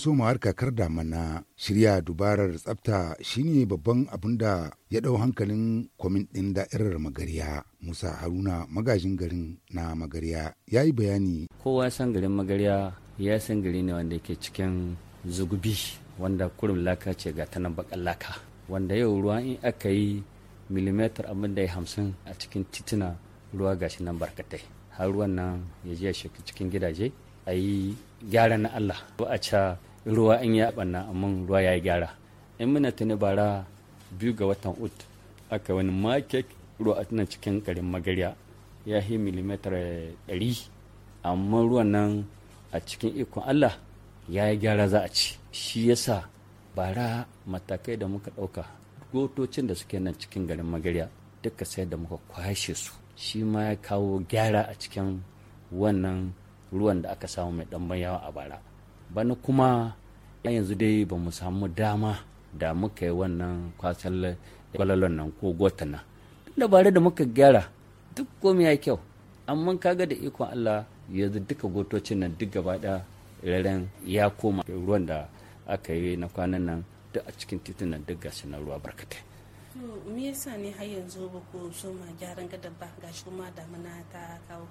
soma harkakar damana shirya dubarar tsafta shine babban abin da ya ɗau hankalin kwamin ɗin da'irar magariya musa haruna magajin garin na magariya ya yi bayani kowa san garin magariya ya san gari ne wanda yake cikin zugubi wanda kurum laka ce ga tanan bakan laka wanda yau ruwa in aka yi milimetar abin da ya hamsin a cikin tituna ruwa gashi nan barkatai har ruwan nan ya je cikin gidaje a yi gyara na allah ba a ca ruwa in ya ɓanna amma ruwa ya yi gyara in muna tuni bara biyu ga watan ut aka wani market ruwa a tunan cikin garin magarya ya yi milimetar ɗari amma ruwan nan a cikin ikon allah ya yi gyara za a ci shi yasa bara matakai da muka ɗauka gotocin da suke nan cikin garin magarya duka sai da muka kwashe su shi ma ya kawo gyara a cikin wannan ruwan da aka samu mai ɗanban a bara bana kuma yanzu dai ba mu samu dama da muka yi wannan kwasan kwalalon nan ko gotana dabarai da muka gyara duk komai ya kyau amma kaga da ikon allah yanzu duka gotocin nan duk gaba da raren ya koma ruwan da aka yi na kwanan nan duk a cikin titunan duk gashi na ruwa barkatai me yasa ne har yanzu ba ku gyaran gadar ba ga damuna ta kawo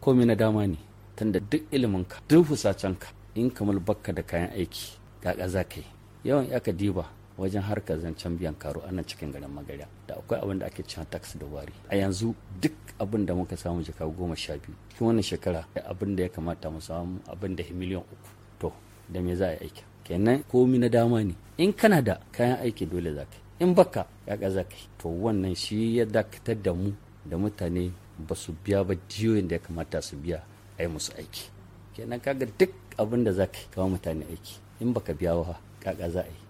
komai na dama ne tunda duk ilimin ka duk fusacen ka in kamar bakka da kayan aiki ga za ka yi yawan ka diba wajen harkar zancen biyan karo a nan cikin garin magarya. da akwai abin da ake cin tax da wari a yanzu duk abin da muka samu jaka goma sha biyu cikin wannan shekara abin da ya kamata mu samu abin da miliyan uku to da me za a yi aiki kenan komi na dama ne in kana da kayan aiki dole za ka in baka ya za ka to wannan shi ya dakatar da mu da mutane ba su biya ba diyoyin da ya kamata su biya a yi musu aiki kenan kaga duk abin da za ka kawo mutane aiki in baka biya wa kaka za a yi